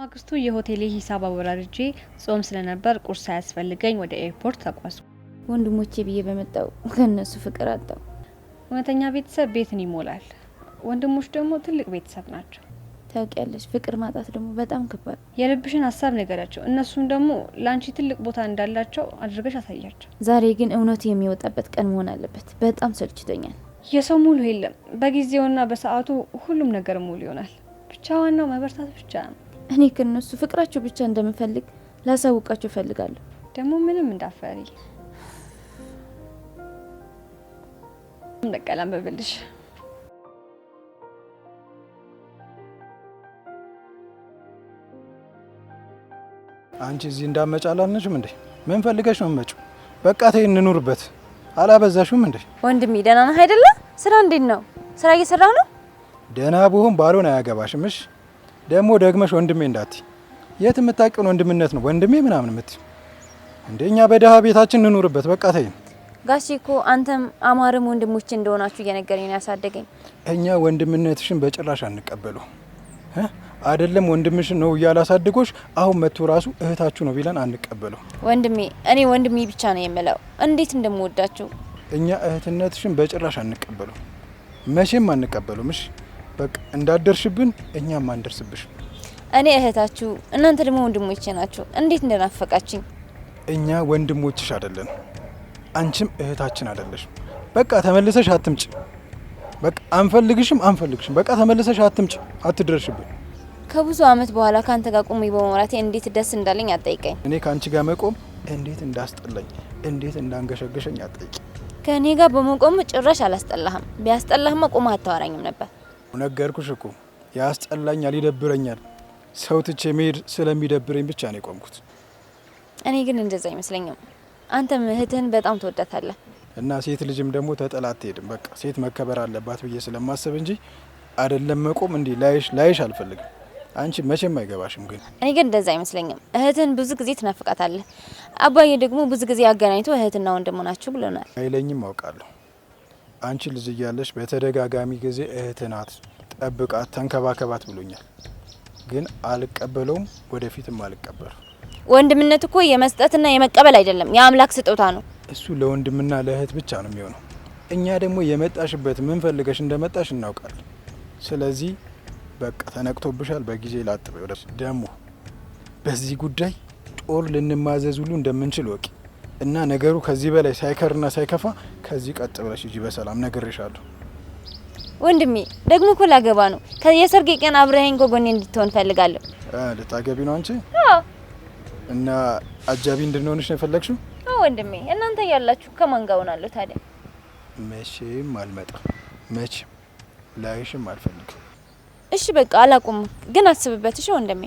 ማግስቱ የሆቴሌ ሂሳብ አወራርጄ ጾም ስለነበር ቁርስ ሳያስፈልገኝ ወደ ኤርፖርት ተጓዝኩ። ወንድሞቼ ብዬ በመጣው ከነሱ ፍቅር አጣው። እውነተኛ ቤተሰብ ቤትን ይሞላል። ወንድሞች ደግሞ ትልቅ ቤተሰብ ናቸው። ታውቂያለሽ፣ ፍቅር ማጣት ደግሞ በጣም ከባድ። የልብሽን ሀሳብ ነገራቸው እነሱም ደግሞ ለአንቺ ትልቅ ቦታ እንዳላቸው አድርገሽ አሳያቸው። ዛሬ ግን እውነቱ የሚወጣበት ቀን መሆን አለበት። በጣም ሰልችቶኛል። የሰው ሙሉ የለም። በጊዜውና በሰዓቱ ሁሉም ነገር ሙሉ ይሆናል። ብቻ ዋናው መበርታት ብቻ ነው። እኔ ከነሱ ፍቅራቸው ብቻ እንደምፈልግ ላሳውቃቸው እፈልጋለሁ። ደግሞ ምንም እንዳፈሪ ምንቀላም በብልሽ አንቺ እዚህ እንዳመጭ አላልንሽም እንዴ? ምን ፈልገሽ ነው መጪው? በቃ ተይ እንኑርበት። አላበዛሽም እንዴ? ወንድሜ ደህና ነህ አይደለ? ስራ እንዴት ነው? ስራ እየሰራ ነው? ደህና ብሆን ባልሆን አያገባሽም። እሺ ደግሞ ደግመሽ ወንድሜ እንዳት የት የምታውቂውን ወንድምነት ነው ወንድሜ ምናምን ምት እንደ እኛ በደሃ ቤታችን እንኑርበት በቃ ተይ። ጋሼ እኮ አንተም አማርም ወንድሞች እንደሆናችሁ እየነገረኝ ነው ያሳደገኝ። እኛ ወንድምነትሽን በጭራሽ አንቀበሉ አይደለም ወንድምሽ ነው እያላሳድጎሽ አሁን መጥቶ ራሱ እህታችሁ ነው ቢለን አንቀበለው። ወንድሜ እኔ ወንድሜ ብቻ ነው የምለው፣ እንዴት እንደምወዳችሁ። እኛ እህትነትሽን በጭራሽ አንቀበለው፣ መቼም አንቀበለው እሺ በቃ እንዳደርሽብን እኛም አንደርስብሽ። እኔ እህታችሁ፣ እናንተ ደግሞ ወንድሞቼ ናችሁ። እንዴት እንደናፈቃችኝ። እኛ ወንድሞችሽ አይደለን፣ አንቺም እህታችን አይደለሽ። በቃ ተመልሰሽ አትምጭ። በቃ አንፈልግሽም፣ አንፈልግሽም። በቃ ተመልሰሽ አትምጭ፣ አትደርሽብን። ከብዙ አመት በኋላ ካንተ ጋር ቆሜ በመውራቴ እንዴት ደስ እንዳለኝ አጠይቀኝ። እኔ ካንቺ ጋር መቆም እንዴት እንዳስጠላኝ፣ እንዴት እንዳንገሸገሸኝ አጠይቅ። ከእኔ ጋር በመቆም ጭራሽ አላስጠላህም። ቢያስጠላህማ ቆመህ አታወራኝም ነበር። ነገርኩሽ እኮ ያስጠላኛል፣ ይደብረኛል። ሰው ትቼ መሄድ ስለሚደብረኝ ብቻ ነው የቆምኩት። እኔ ግን እንደዛ አይመስለኝም። አንተም እህትህን በጣም ትወዳታለህ እና ሴት ልጅም ደግሞ ተጠላ አትሄድም። በቃ ሴት መከበር አለባት ብዬ ስለማስብ እንጂ አይደለም መቆም እንዲህ ላይሽ ላይሽ አልፈልግም። አንቺ መቼም አይገባሽም። ግን እኔ ግን እንደዛ አይመስለኝም። እህትን ብዙ ጊዜ ትናፍቃታለህ። አባዬ ደግሞ ብዙ ጊዜ አገናኝቶ እህትና ወንድም ናችሁ ብሎናል። አይለኝም አውቃለሁ። አንቺ ልጅ እያለሽ በተደጋጋሚ ጊዜ እህት ናት ጠብቃት፣ ተንከባከባት ብሎኛል። ግን አልቀበለውም፣ ወደፊትም አልቀበሉ። ወንድምነት እኮ የመስጠትና የመቀበል አይደለም፣ የአምላክ ስጦታ ነው። እሱ ለወንድምና ለእህት ብቻ ነው የሚሆነው። እኛ ደግሞ የመጣሽበት ምን ፈልገሽ እንደመጣሽ እናውቃለን። ስለዚህ በቃ ተነቅቶብሻል፣ በጊዜ ላጥበ ደግሞ በዚህ ጉዳይ ጦር ልንማዘዝ ሁሉ እንደምንችል ወቂ እና ነገሩ ከዚህ በላይ ሳይከርና ሳይከፋ ከዚህ ቀጥ ብለሽ እጂ በሰላም ነግሬሻለሁ። ወንድሜ ደግሞ እኮ ላገባ ነው። የሰርጌ ቀን አብረኸኝ እኮ እንድትሆን ፈልጋለሁ። ልታገቢ ነው አንቺ? እና አጃቢ እንድንሆንሽ ነው የፈለግሽው? ወንድሜ እናንተ ያላችሁ ከማን ጋር ሆናለሁ ታዲያ? መቼም አልመጣም፣ መቼም ላይሽም አልፈልግም። እሺ በቃ አላቆምም፣ ግን አስብበት። እሺ ወንድሜ፣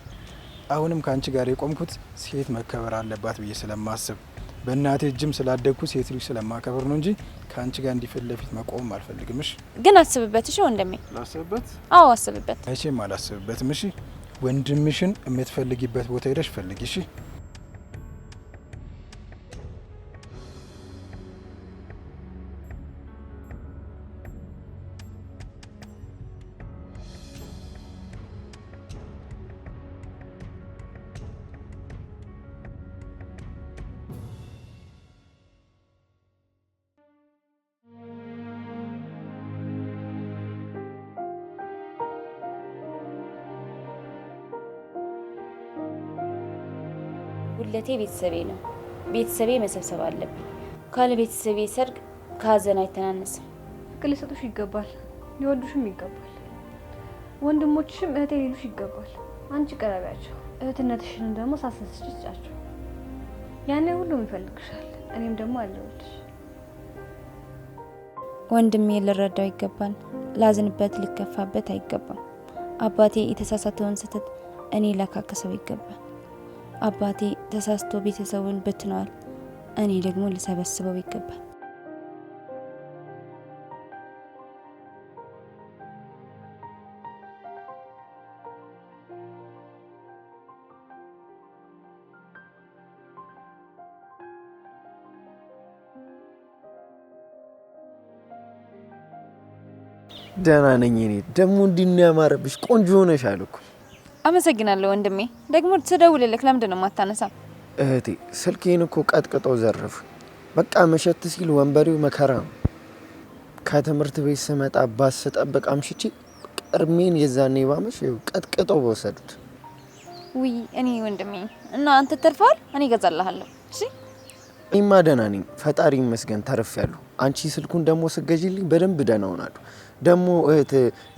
አሁንም ከአንቺ ጋር የቆምኩት ሴት መከበር አለባት ብዬ ስለማስብ በእናቴ እጅም ስላደግኩ ሴት ልጅ ስለማከብር ነው እንጂ ከአንቺ ጋር እንዲህ ፊት ለፊት መቆም አልፈልግም። እሺ ግን አስብበት። እሺ ወንድሜ፣ ላስብበት። አዎ አስብበት። መቼም አላስብበትም። እሺ ወንድምሽን የምትፈልጊበት ቦታ ሄደሽ ፈልጊ። እሺ ለቴ ቤተሰቤ ነው። ቤተሰቤ መሰብሰብ አለብኝ። ካለ ቤተሰቤ ሰርግ ከሀዘን አይተናነስም። ህግ ሊሰጡሽ ይገባል። ሊወዱሽም ይገባል። ወንድሞችሽም እህቴ ሊሉሽ ይገባል። አንቺ ቀረቢያቸው፣ እህትነትሽንም ደግሞ ሳሰስች ያኔ ሁሉም ይፈልግሻል። እኔም ደግሞ አለሁልሽ። ወንድሜ ልረዳው ይገባል። ላዝንበት፣ ሊከፋበት አይገባም። አባቴ የተሳሳተውን ስህተት እኔ ላካከሰው ይገባል። አባቴ ተሳስቶ ቤተሰቡን በትነዋል። እኔ ደግሞ ልሰበስበው ይገባል። ደህና ነኝ እኔ ደግሞ እንዲህ ያማረብሽ ቆንጆ ሆነሻል እኮ አመሰግናለሁ ወንድሜ። ደግሞ ስደውልልክ ለምንድን ነው የማታነሳ? እህቴ ስልኬን እኮ ቀጥቅጠው ዘረፉ። በቃ መሸት ሲል ወንበሪው መከራ ነው። ከትምህርት ቤት ስመጣ ባስ ስጠብቅ አምሽቼ ቅርሜን የዛኔ ባመሽ ቀጥቅጠው በወሰዱት። ውይ እኔ ወንድሜ እና አንተ ተርፈሃል። እኔ እገዛልሃለሁ። እሺ እኔማ ደህና ነኝ፣ ፈጣሪ ይመስገን ተርፌያለሁ። አንቺ ስልኩን ደግሞ ስገዢልኝ በደንብ ደህና ሆናለሁ። ደግሞ እህት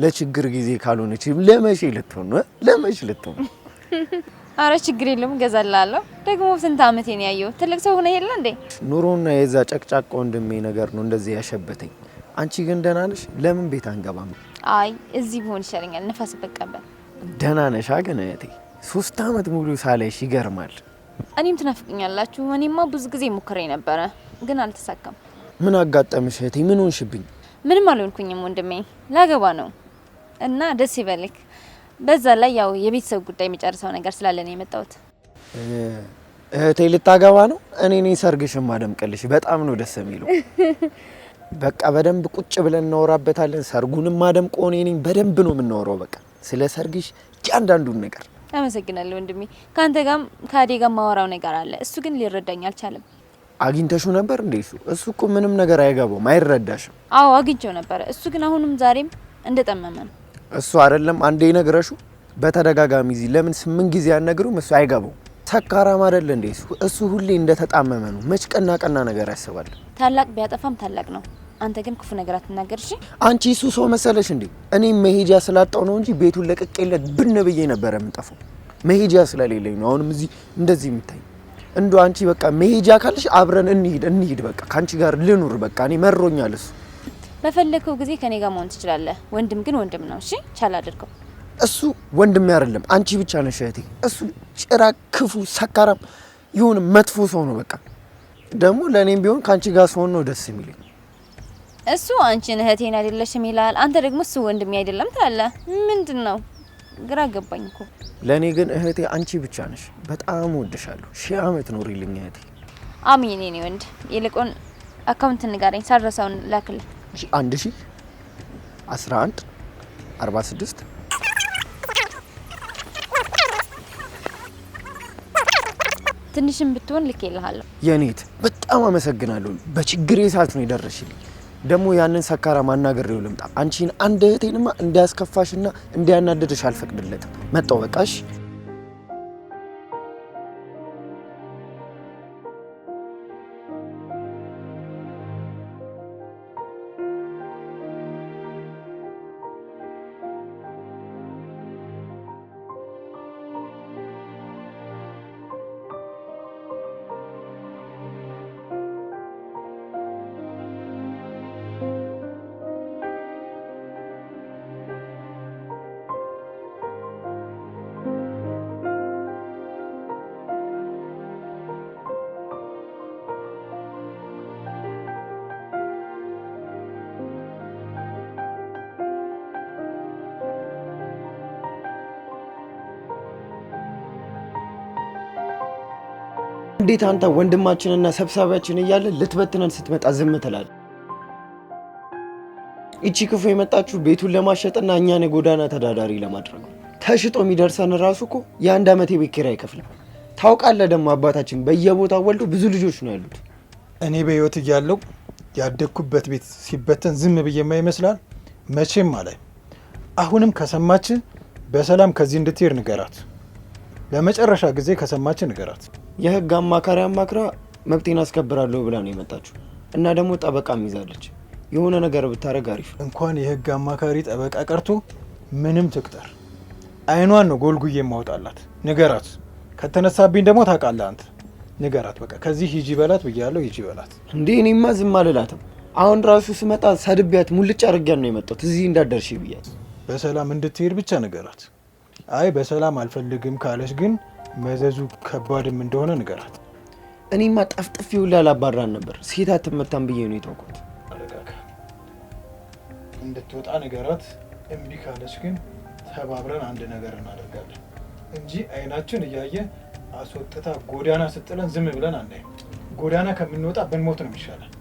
ለችግር ጊዜ ካልሆነች ለመቼ ልትሆን ለመቼ ልትሆን? አረ ችግር የለም እገዛላለሁ። ደግሞ ስንት አመት ነው ያየው። ትልቅ ሰው ሆነ የለ እንዴ? ኑሮና የዛ ጨቅጫቅ ወንድሜ ነገር ነው እንደዚህ ያሸበተኝ። አንቺ ግን ደህና ነሽ? ለምን ቤት አንገባም? አይ እዚህ ብሆን ይሻለኛል፣ ንፋስ ብቀበል። ደህና ነሽ ግን እህቴ? ሶስት አመት ሙሉ ሳላይሽ ይገርማል። እኔም ትናፍቅኛላችሁ። እኔማ ብዙ ጊዜ ሞክሬ ነበረ ግን አልተሳካም። ምን አጋጠምሽ እህቴ? ምን ሆንሽብኝ? ምንም አልሆንኩኝም ወንድሜ፣ ላገባ ነው እና ደስ ይበልክ። በዛ ላይ ያው የቤተሰብ ጉዳይ የሚጨርሰው ነገር ስላለ ነው የመጣሁት። እህቴ ልታገባ ነው። እኔ ነኝ ሰርግሽ ማደምቅልሽ። በጣም ነው ደስ የሚለው። በቃ በደንብ ቁጭ ብለን እናወራበታለን። ሰርጉንም ማደምቆ እኔ ነኝ። በደንብ ነው የምናወራው። በቃ ስለ ሰርግሽ እያንዳንዱን ነገር። አመሰግናለሁ ወንድሜ። ከአንተ ጋርም ከአዴ ጋር ማወራው ነገር አለ። እሱ ግን ሊረዳኝ አልቻለም። አግኝተሹ ነበር እንዴ? እሱ እሱ እኮ ምንም ነገር አይገባውም፣ አይረዳሽም። አዎ አግኝቸው ነበር። እሱ ግን አሁንም ዛሬም እንደጠመመ ነው። እሱ አይደለም አንዴ ነግረሽው በተደጋጋሚ እዚህ ለምን ስምንት ጊዜ ያነግሩም? እሱ አይገበው? ሰካራም አይደል እንዴ? እሱ እሱ ሁሌ እንደተጣመመ ነው። መች ቀና ቀና ነገር ያስባል። ታላቅ ቢያጠፋም ታላቅ ነው። አንተ ግን ክፉ ነገር አትናገር እሺ። አንቺ እሱ ሰው መሰለሽ እንዴ? እኔም መሄጃ ስላጣው ነው እንጂ ቤቱን ለቅቄለት ብን ብዬ ነበር የምጠፋው። መሄጃ ስለሌለኝ ነው አሁንም እዚህ እንደዚህ የምታይ እንዶ አንቺ በቃ መሄጃ ካለሽ አብረን እንሂድ እንሂድ፣ በቃ ካንቺ ጋር ልኑር፣ በቃ እኔ መሮኛል። እሱ በፈለከው ጊዜ ከኔ ጋር መሆን ትችላለህ። ወንድም ግን ወንድም ነው። እሺ ቻል አድርገው። እሱ ወንድም አይደለም፣ አንቺ ብቻ ነሽ እህቴ። እሱ ጭራቅ፣ ክፉ፣ ሰካራም ይሁን መጥፎ ሰው ነው። በቃ ደግሞ ለእኔም ቢሆን ከአንቺ ጋር ስሆን ነው ደስ የሚለኝ። እሱ አንቺን እህቴን አይደለሽም ይላል፣ አንተ ደግሞ እሱ ወንድም አይደለም ትላለህ። ምንድን ነው ግራ ገባኝ እኮ። ለእኔ ግን እህቴ አንቺ ብቻ ነሽ። በጣም ወድሻለሁ። ሺህ ዓመት ኖሪልኝ እህቴ። አሚን የኔ ወንድ። ይልቁን አካውንት ንገረኝ፣ ሳረሳውን ላክል። እሺ አንድ ሺ አስራ አንድ አርባ ስድስት ትንሽም ብትሆን ልክ ይልሃለሁ። የኔት በጣም አመሰግናለሁ። በችግር ሰዓት ነው የደረሽልኝ። ደግሞ ያንን ሰካራ ነው ልምጣ። አንቺን አንድ እህቴንማ እንዳያስከፋሽና እንዲያናደድሽ አልፈቅድለትም። መጣሁ በቃሽ። እንዴት አንተ ወንድማችንና ሰብሳቢያችን እያለ ልትበትነን ስትመጣ ዝም ትላል? ይቺ ክፉ የመጣችሁ ቤቱን ለማሸጥና እኛን የጎዳና ተዳዳሪ ለማድረግ ነው። ተሽጦ የሚደርሰን ራሱ እኮ የአንድ ዓመት የቤት ኪራይ አይከፍልም። ታውቃለህ፣ ደግሞ አባታችን በየቦታው ወልዶ ብዙ ልጆች ነው ያሉት። እኔ በህይወት እያለው ያደግኩበት ቤት ሲበተን ዝም ብዬማ ይመስላል? መቼም አለ። አሁንም ከሰማች በሰላም ከዚህ እንድትሄድ ንገራት። ለመጨረሻ ጊዜ ከሰማች ንገራት። የህግ አማካሪ አማክራ መብቴን አስከብራለሁ ብላ ነው የመጣችው እና ደግሞ ጠበቃም ይዛለች። የሆነ ነገር ብታደረግ አሪፍ። እንኳን የህግ አማካሪ ጠበቃ ቀርቶ ምንም ትቅጠር፣ አይኗን ነው ጎልጉዬ ማውጣላት። ንገራት። ከተነሳብኝ ደግሞ ታውቃለህ አንተ። ንገራት በቃ ከዚህ ሂጂ በላት ብያለሁ። ሂጂ በላት። እንዴ እኔማ ዝም አልላትም። አሁን ራሱ ስመጣ ሰድቢያት ሙልጭ አድርጊያን ነው የመጣሁት እዚህ እንዳደርሽ ብያት። በሰላም እንድትሄድ ብቻ ንገራት። አይ በሰላም አልፈልግም ካለች ግን መዘዙ ከባድም እንደሆነ ንገራት። እኔማ ጠፍጥፍ ይውላ ላባራን ነበር ሴት አትመታም ብዬ ነው የተውኳት። እንድትወጣ ንገራት። እምቢ ካለች ግን ተባብረን አንድ ነገር እናደርጋለን እንጂ አይናችን እያየ አስወጥታ ጎዳና ስጥለን ዝም ብለን አናይም። ጎዳና ከምንወጣ ብንሞት ነው ይሻላል።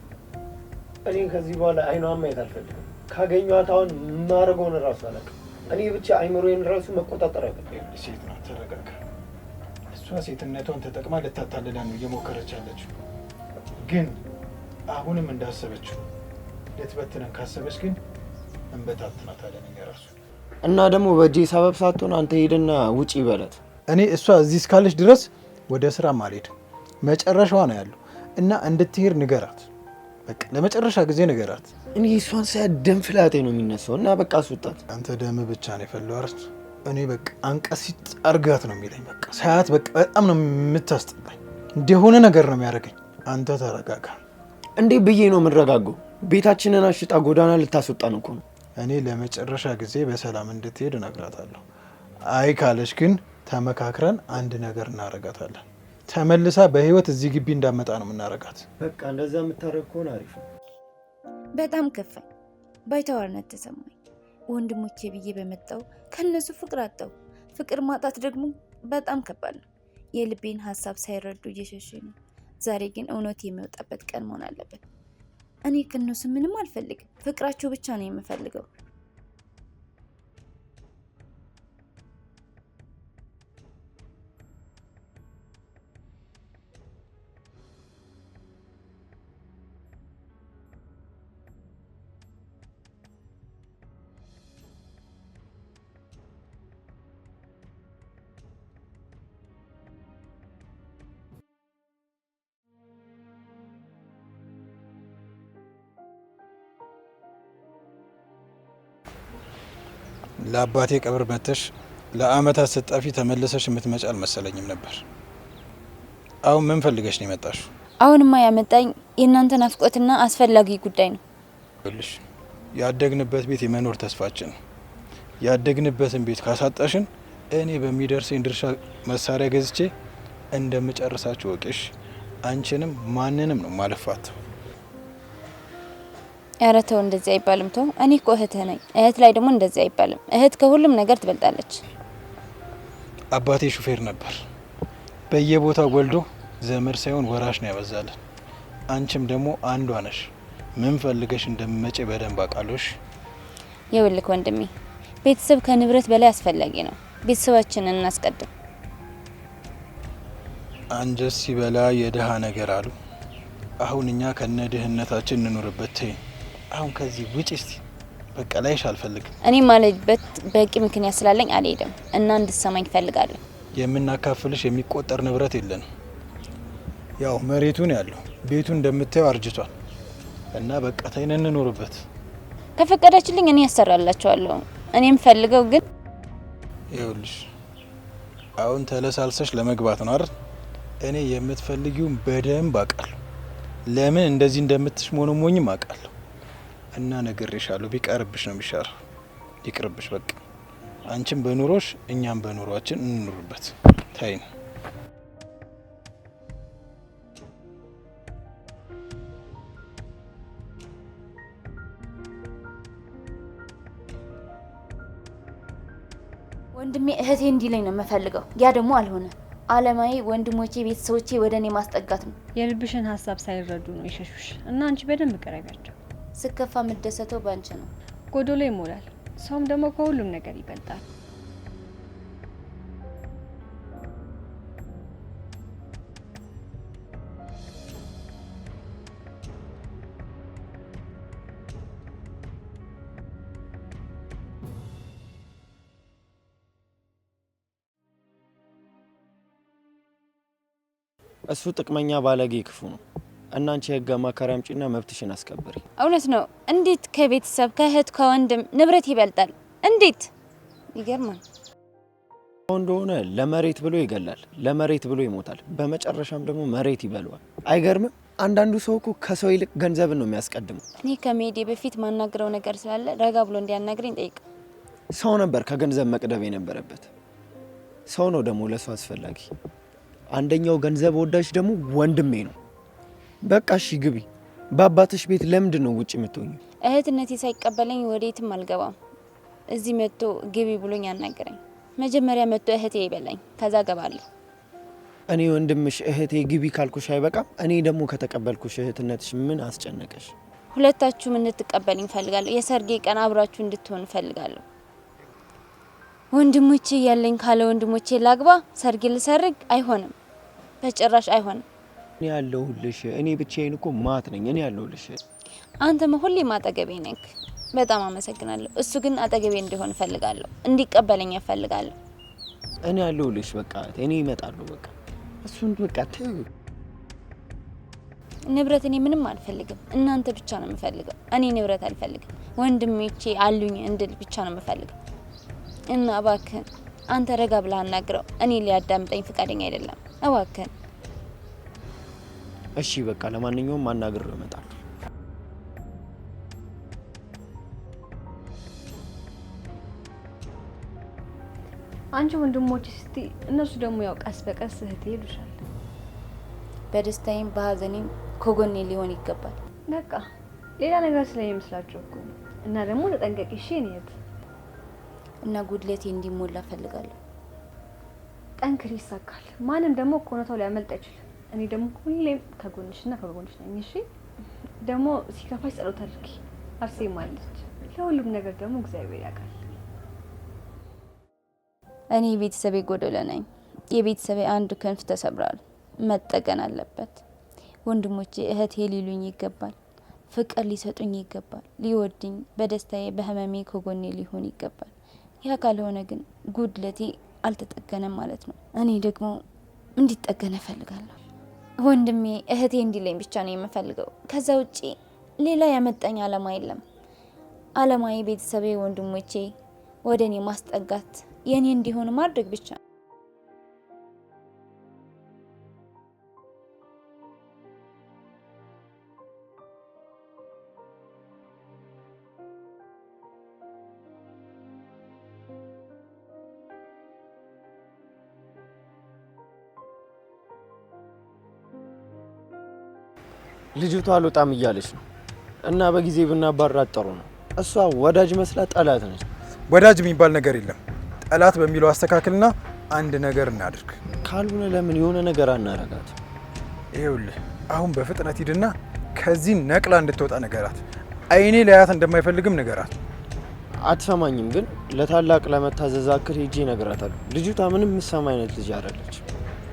እኔ ከዚህ በኋላ አይኗን ማየት አልፈልግም። ካገኘኋት አሁን ማድረገውን እራሱ አላውቅም። እኔ ብቻ አይምሮዬን ራሱ መቆጣጠር አለ። ሴት ናት፣ ተረጋጋ። እሷ ሴትነቷን ተጠቅማ ልታታልላ ነው እየሞከረች ያለችው። ግን አሁንም እንዳሰበችው ልትበትነን ካሰበች ግን እንበታትናታለን እኛ ራሱ እና ደግሞ በእጄ ሰበብ ሳትሆን አንተ ሄድና ውጪ በለት። እኔ እሷ እዚህ እስካለች ድረስ ወደ ስራ ማልሄድ መጨረሻዋ ነው ያለው እና እንድትሄድ ንገራት። በቃ ለመጨረሻ ጊዜ ንገራት። እኔ እሷን ሳያት ደም ፍላጤ ነው የሚነሳው እና በቃ አስወጣት። አንተ ደም ብቻ ነው የፈለው አይደል? እኔ በቃ አንቀሲት አርጋት ነው የሚለኝ። በቃ ሳያት በቃ በጣም ነው የምታስጠላኝ። እንደሆነ ነገር ነው የሚያደርገኝ። አንተ ተረጋጋ። እንዴ ብዬ ነው የምንረጋገው? ቤታችንን አሽጣ ጎዳና ልታስወጣን እኮ ነው። እኔ ለመጨረሻ ጊዜ በሰላም እንድትሄድ እነግራታለሁ። አይ ካለች ግን ተመካክረን አንድ ነገር እናረጋታለን። ተመልሳ በህይወት እዚህ ግቢ እንዳመጣ ነው የምናረጋት። በቃ እንደዛ የምታደረግ ከሆነ አሪፍ ነው። በጣም ከፋኝ፣ ባይተዋርነት ተሰማኝ። ወንድሞቼ ብዬ በመጣው ከነሱ ፍቅር አጣው። ፍቅር ማጣት ደግሞ በጣም ከባድ ነው። የልቤን ሀሳብ ሳይረዱ እየሸሸ ነው። ዛሬ ግን እውነት የሚወጣበት ቀን መሆን አለበት። እኔ ከነሱ ምንም አልፈልግም፣ ፍቅራቸው ብቻ ነው የምፈልገው። ለአባቴ ቀብር መጥተሽ ለአመታት ስጣፊ ተመልሰሽ የምትመጪ አልመሰለኝም ነበር። አሁን ምን ፈልገሽ ነው የመጣሹ? አሁንማ ያመጣኝ የእናንተ ናፍቆትና አስፈላጊ ጉዳይ ነው። ልሽ ያደግንበት ቤት የመኖር ተስፋችን ነው። ያደግንበትን ቤት ካሳጣሽን እኔ በሚደርሰኝ ድርሻ መሳሪያ ገዝቼ እንደምጨርሳችሁ ወቂሽ። አንቺንም ማንንም ነው ማለፋት ኧረ ተው እንደዚህ አይባልም። ተው እኔ እኮ እህትህ ነኝ። እህት ላይ ደግሞ እንደዚህ አይባልም። እህት ከሁሉም ነገር ትበልጣለች። አባቴ ሹፌር ነበር። በየቦታው ወልዶ ዘመድ ሳይሆን ወራሽ ነው ያበዛልን። አንቺም ደግሞ አንዷ ነሽ። ምን ፈልገሽ እንደምመጪ በደንብ አውቃለሽ። ይኸውልህ ወንድሜ፣ ቤተሰብ ከንብረት በላይ አስፈላጊ ነው። ቤተሰባችንን እናስቀድም። አንጀት ሲበላ የድሃ ነገር አሉ። አሁን እኛ ከነ ድህነታችን እንኑርበት። አሁን ከዚህ ውጪ እስቲ በቃ ላይሽ አልፈልግም። እኔ ማለበት በቂ ምክንያት ስላለኝ አልሄድም እና እንድትሰማኝ እፈልጋለሁ። የምናካፍልሽ የሚቆጠር ንብረት የለንም። ያው መሬቱን ያለው ቤቱ እንደምታየው አርጅቷል እና በቃ ተይን እንኖርበት። ከፈቀዳችልኝ እኔ ያሰራላችኋለሁ። እኔ የምፈልገው ግን ይኸውልሽ አሁን ተለሳልሰሽ ለመግባት ነው አይደል? እኔ የምትፈልጊውን በደንብ አውቃለሁ። ለምን እንደዚህ እንደምትሽ ሞኝም አውቃለሁ። እና ነግሬሻለሁ፣ ቢቀርብሽ ነው የሚሻለው። ይቅርብሽ በቃ። አንቺም በኑሮሽ እኛም በኑሯችን እንኑርበት። ታይን ወንድሜ እህቴ እንዲለኝ ነው የምፈልገው። ያ ደግሞ አልሆነ አለማዬ ወንድሞቼ፣ ቤተሰቦቼ ወደ እኔ ማስጠጋት ነው። የልብሽን ሀሳብ ሳይረዱ ነው ይሸሹሽ እና አንቺ በደንብ ቀረቢያቸው። ስከፋ የምደሰተው ባንቺ ነው። ጎዶሎ ይሞላል። ሰውም ደግሞ ከሁሉም ነገር ይበልጣል። እሱ ጥቅመኛ ባለጌ ክፉ ነው። እናንቺ አንቺ የህግ አማካሪ አምጪና መብትሽን አስከብሪ። እውነት ነው። እንዴት ከቤተሰብ ከእህት ከወንድም ንብረት ይበልጣል? እንዴት ይገርማል። እንደሆነ ለመሬት ብሎ ይገላል፣ ለመሬት ብሎ ይሞታል፣ በመጨረሻም ደግሞ መሬት ይበለዋል። አይገርምም? አንዳንዱ ሰው እኮ ከሰው ይልቅ ገንዘብን ነው የሚያስቀድመው። እኔ ከመሄዴ በፊት ማናግረው ነገር ስላለ ረጋ ብሎ እንዲያናግረኝ ጠይቅ። ሰው ነበር ከገንዘብ መቅደብ የነበረበት። ሰው ነው ደግሞ ለሰው አስፈላጊ። አንደኛው ገንዘብ ወዳጅ ደግሞ ወንድሜ ነው። በቃ እሺ ግቢ። በአባትሽ ቤት ለምንድን ነው ውጭ የምትሆኝ? እህትነቴ ሳይቀበለኝ ወዴትም አልገባም። እዚህ መጥቶ ግቢ ብሎኝ አናገረኝ። መጀመሪያ መጥቶ እህቴ ይበለኝ፣ ከዛ ገባለሁ። እኔ ወንድምሽ እህቴ ግቢ ካልኩሽ አይበቃም? እኔ ደግሞ ከተቀበልኩሽ እህትነትሽ ምን አስጨነቀሽ? ሁለታችሁም እንድትቀበልኝ እፈልጋለሁ። የሰርጌ ቀን አብራችሁ እንድትሆን እፈልጋለሁ። ወንድሞቼ ያለኝ ካለ ወንድሞቼ ላግባ፣ ሰርጌ ልሰርግ? አይሆንም፣ በጭራሽ አይሆንም። እኔ ያለሁልሽ። እኔ ብቻዬን እኮ ማት ነኝ። እኔ ያለሁልሽ። አንተማ ሁሌም አጠገቤ ነክ። በጣም አመሰግናለሁ። እሱ ግን አጠገቤ እንዲሆን እፈልጋለሁ፣ እንዲቀበለኝ እፈልጋለሁ። እኔ ያለሁልሽ። በቃ እኔ እመጣለሁ። በቃ እሱን በቃ ንብረት እኔ ምንም አልፈልግም። እናንተ ብቻ ነው የምፈልገው። እኔ ንብረት አልፈልግም። ወንድሞቼ አሉኝ እንድል ብቻ ነው የምፈልገው። እና እባክህን አንተ ረጋ ብለህ አናግረው። እኔ ሊያዳምጠኝ ፈቃደኛ አይደለም። እባክህን እሺ በቃ ለማንኛውም አናግር ይመጣል አንቺ ወንድሞች እስቲ እነሱ ደግሞ ያው ቀስ በቀስ እህቴ ይሉሻል። በደስታዬም በሀዘኔም ከጎኔ ሊሆን ይገባል። በቃ ሌላ ነገር ስለሚመስላችሁ እኮ እና ደግሞ ተጠንቀቂ እሺ። እኔት እና ጉድለቴ እንዲሞላ ፈልጋለሁ። ጠንክሪ፣ ይሳካል። ማንም ደግሞ እኮ እውነታው ሊያመልጥ አይችልም። እኔ ደግሞ ሁሌም ከጎንሽና ከጎንሽ ነኝ። እሺ ደግሞ ሲከፋሽ ጸሎት አድርጊ። አርሴማ አለች። ለሁሉም ነገር ደግሞ እግዚአብሔር ያውቃል። እኔ የቤተሰቤ ጎደለ ነኝ። የቤተሰቤ አንድ ክንፍ ተሰብሯል፣ መጠገን አለበት። ወንድሞቼ እህቴ ሊሉኝ ይገባል፣ ፍቅር ሊሰጡኝ ይገባል፣ ሊወድኝ፣ በደስታዬ በህመሜ ከጎኔ ሊሆን ይገባል። ያ ካልሆነ ግን ጉድለቴ አልተጠገነም ማለት ነው። እኔ ደግሞ እንዲጠገነ እፈልጋለሁ። ወንድሜ እህቴ እንዲለኝ ብቻ ነው የምፈልገው። ከዛ ውጪ ሌላ ያመጣኝ አለማ የለም። አለማዊ ቤተሰቤ፣ ወንድሞቼ ወደ እኔ ማስጠጋት የእኔ እንዲሆን ማድረግ ብቻ ልጅቷ አልወጣም እያለች ነው እና በጊዜ ብናባራት ጥሩ ነው። እሷ ወዳጅ መስላ ጠላት ነች። ወዳጅ የሚባል ነገር የለም። ጠላት በሚለው አስተካክልና አንድ ነገር እናድርግ። ካልሆነ ለምን የሆነ ነገር አናረጋት? ይኸውልህ አሁን በፍጥነት ሂድና ከዚህ ነቅላ እንድትወጣ ነገራት። አይኔ ለያት እንደማይፈልግም ነገራት። አትሰማኝም ግን ለታላቅ ለመታዘዝ አክል ሄጄ እነግራታለሁ። ልጅቷ ምንም ምሰማ አይነት ልጅ አይደለች።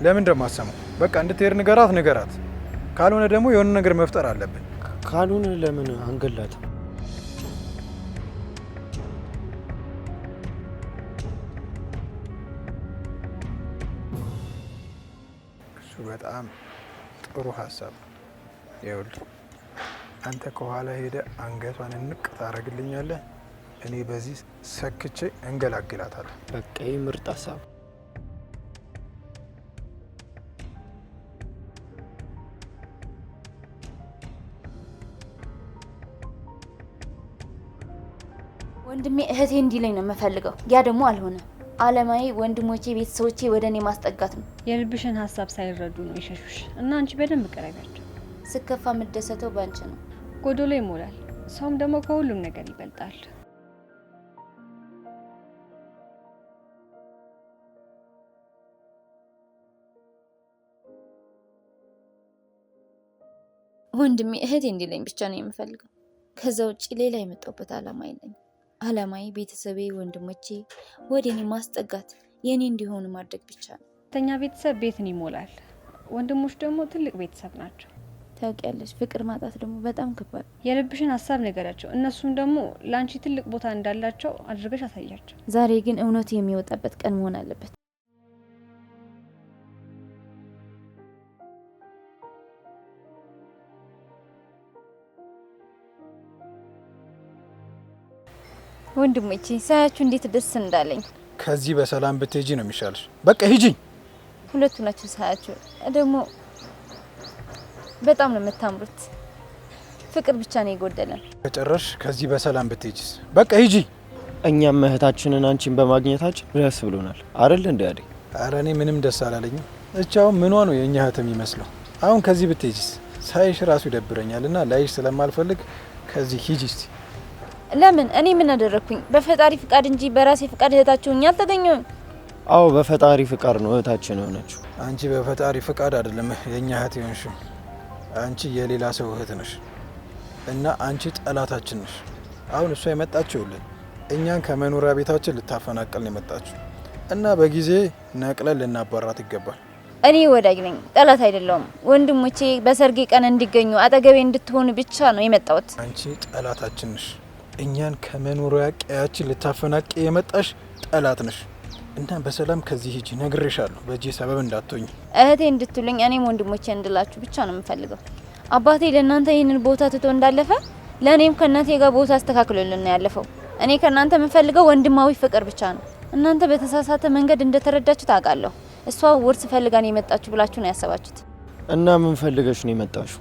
ለምን እንደማሰማው በቃ እንድትሄድ ንገራት ንገራት ካልሆነ ደግሞ የሆነ ነገር መፍጠር አለብን። ካልሆነ ለምን አንገላት? እሱ በጣም ጥሩ ሀሳብ ነው። ይኸውልህ አንተ ከኋላ ሄደ አንገቷን እንቅ ታደርግልኛለህ፣ እኔ በዚህ ሰክቼ እንገላግላታለሁ። በቃ ይህ ምርጥ ሀሳብ ወንድሜ እህቴ እንዲለኝ ነው የምፈልገው። ያ ደግሞ አልሆነም። አለማዬ ወንድሞቼ፣ ቤተሰቦቼ ወደ እኔ ማስጠጋት ነው። የልብሽን ሀሳብ ሳይረዱ ነው የሸሹሽ እና አንቺ በደንብ ቀረቢያቸው። ስከፋ የምደሰተው በአንቺ ነው። ጎዶሎ ይሞላል። ሰውም ደግሞ ከሁሉም ነገር ይበልጣል። ወንድሜ እህቴ እንዲለኝ ብቻ ነው የምፈልገው። ከዛ ውጭ ሌላ የመጣውበት አላማ የለኝም። አላማዬ ቤተሰቤ፣ ወንድሞቼ ወደ እኔ ማስጠጋት የእኔ እንዲሆኑ ማድረግ ብቻ ነው። ተኛ ቤተሰብ ቤትን ይሞላል። ወንድሞች ደግሞ ትልቅ ቤተሰብ ናቸው። ታውቂያለሽ፣ ፍቅር ማጣት ደግሞ በጣም ከባድ። የልብሽን ሀሳብ ንገሪያቸው። እነሱም ደግሞ ለአንቺ ትልቅ ቦታ እንዳላቸው አድርገሽ አሳያቸው። ዛሬ ግን እውነቱ የሚወጣበት ቀን መሆን አለበት። ወንድሞቼ ሳያችሁ እንዴት ደስ እንዳለኝ። ከዚህ በሰላም ብትሄጂ ነው የሚሻልሽ። በቃ ሂጂ። ሁለቱ ናቸው ሳያችሁ። ደግሞ በጣም ነው የምታምሩት። ፍቅር ብቻ ነው የጎደለን። ከጨረሽ ከዚህ በሰላም ብትሄጂስ? በቃ ሂጂ። እኛም እህታችንን አንቺን በማግኘታችን ደስ ብሎናል አይደል? እንደ ያዴ እኔ ምንም ደስ አላለኝም። እቻው ምኗ ነው የእኛ እህት የሚመስለው? አሁን ከዚህ ብትሄጂስ? ሳይሽ ራሱ ይደብረኛል እና ላይሽ ስለማልፈልግ ከዚህ ሂጂ እስቲ ለምን? እኔ ምን አደረግኩኝ? በፈጣሪ ፍቃድ እንጂ በራሴ ፍቃድ እህታችሁ እኛ አልተገኘሁም። አዎ በፈጣሪ ፍቃድ ነው እህታችን የሆነችው። አንቺ በፈጣሪ ፍቃድ አይደለም የእኛ እህት የሆንሽው፣ አንቺ የሌላ ሰው እህት ነሽ እና አንቺ ጠላታችን ነሽ። አሁን እሷ የመጣችውልን እኛን ከመኖሪያ ቤታችን ልታፈናቀል ነው የመጣችው እና በጊዜ ነቅለን ልናባራት ይገባል። እኔ ወዳጅ ነኝ፣ ጠላት አይደለውም። ወንድሞቼ በሰርጌ ቀን እንዲገኙ አጠገቤ እንድትሆኑ ብቻ ነው የመጣሁት። አንቺ ጠላታችን ነሽ። እኛን ከመኖሪያ ቀያችን ልታፈናቂ የመጣሽ ጠላት ነሽ እና በሰላም ከዚህ ሂጂ፣ ነግሬሻለሁ። በእጄ ሰበብ እንዳትሆኝ እህቴ እንድትሉኝ፣ እኔም ወንድሞቼ እንድላችሁ ብቻ ነው የምፈልገው። አባቴ ለእናንተ ይህንን ቦታ ትቶ እንዳለፈ ለእኔም ከእናቴ ጋር ቦታ አስተካክሎልን ያለፈው። እኔ ከእናንተ የምፈልገው ወንድማዊ ፍቅር ብቻ ነው። እናንተ በተሳሳተ መንገድ እንደተረዳችሁ ታውቃለሁ። እሷ ውርስ ፈልጋን የመጣችሁ ብላችሁ ነው ያሰባችሁት። እና ምን ፈልገሽ ነው የመጣችሁ?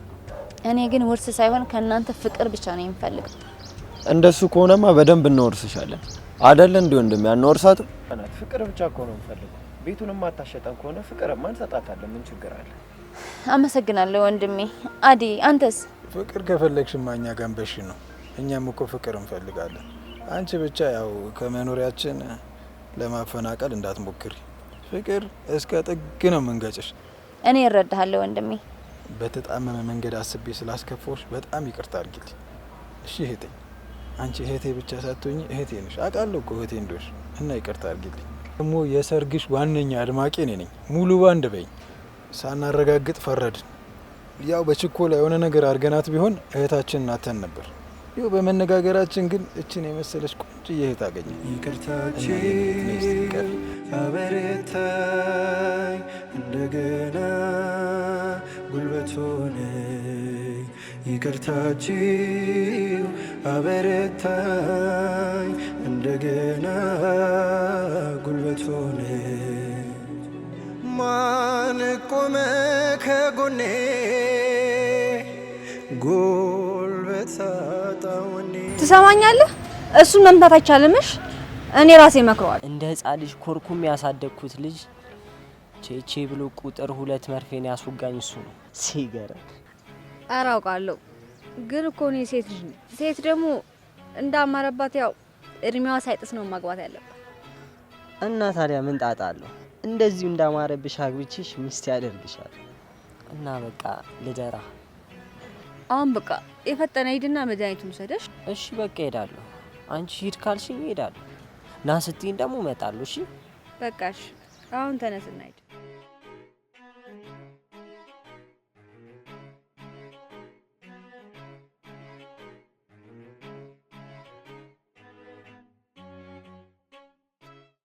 እኔ ግን ውርስ ሳይሆን ከእናንተ ፍቅር ብቻ ነው የምፈልገው። እንደሱ ከሆነማ በደንብ እንወርስሻለን አይደል? እንዲሁ እንደም ያንወርሳት ፍቅር ብቻ ከሆነ ነው ቤቱንም አታሸጠን ከሆነ ፍቅርማ እንሰጣታለን። ምን ችግር አለ? አመሰግናለሁ ወንድሜ። አዲ አንተስ? ፍቅር ከፈለግሽማ ማኛ ጋንበሽ ነው። እኛም እኮ ፍቅር እንፈልጋለን። አንቺ ብቻ ያው ከመኖሪያችን ለማፈናቀል እንዳትሞክሪ። ፍቅር እስከ ጥግ ነው መንገጭሽ። እኔ እረዳሃለሁ ወንድሜ። በተጣመመ መንገድ አስቤ ስላስከፋዎች በጣም ይቅርታ አድርጊልኝ። እሺ እህቴ አንቺ እህቴ ብቻ ሳትሆኝ እህቴ ነሽ። አውቃለሁ እኮ እህቴ እንደሆንሽ እና ይቅርታ አድርጊልኝ። ደግሞ የሰርግሽ ዋነኛ አድማቂ እኔ ነኝ። ሙሉ ባንድ በኝ ሳናረጋግጥ ፈረድን። ያው በችኮላ የሆነ ነገር አድርገናት ቢሆን እህታችን እናተን ነበር። ይኸው በመነጋገራችን ግን እችን የመሰለች ቁጭ እህት አገኘ። ይቅርታችቀር አበረታኝ እንደገና ጉልበት ሆነ ይቅርታችሁ አበረታኝ እንደገና ጉልበት ሆነ ማን ቆመ ከጎኔ ጉልበት ሳጣወኔ ትሰማኛለህ እሱን መምታት አይቻልምሽ እኔ ራሴ መክረዋል እንደ ህፃን ልጅ ኮርኩም ያሳደግኩት ልጅ ቼቼ ብሎ ቁጥር ሁለት መርፌን ያስወጋኝ እሱ ነው ሲገርም ኧረ አውቃለሁ፣ ግን እኮ እኔ ሴት ልጅ ነኝ። ሴት ደግሞ እንዳማረባት ያው እድሜዋ ሳይጥስ ነው ማግባት ያለባት። እና ታዲያ ምን ጣጣ አለው? እንደዚሁ እንዳማረብሽ አግብቼሽ ሚስት ያደርግሻል። እና በቃ ልደራ። አሁን በቃ የፈጠነ ሂድና መድኃኒቱን ውሰደሽ። እሺ በቃ ሄዳለሁ። አንቺ ሂድ ካልሽኝ ሄዳለሁ። ና ስትይኝ ደግሞ እመጣለሁ። እሺ በቃሽ። አሁን ተነስና ሂድ።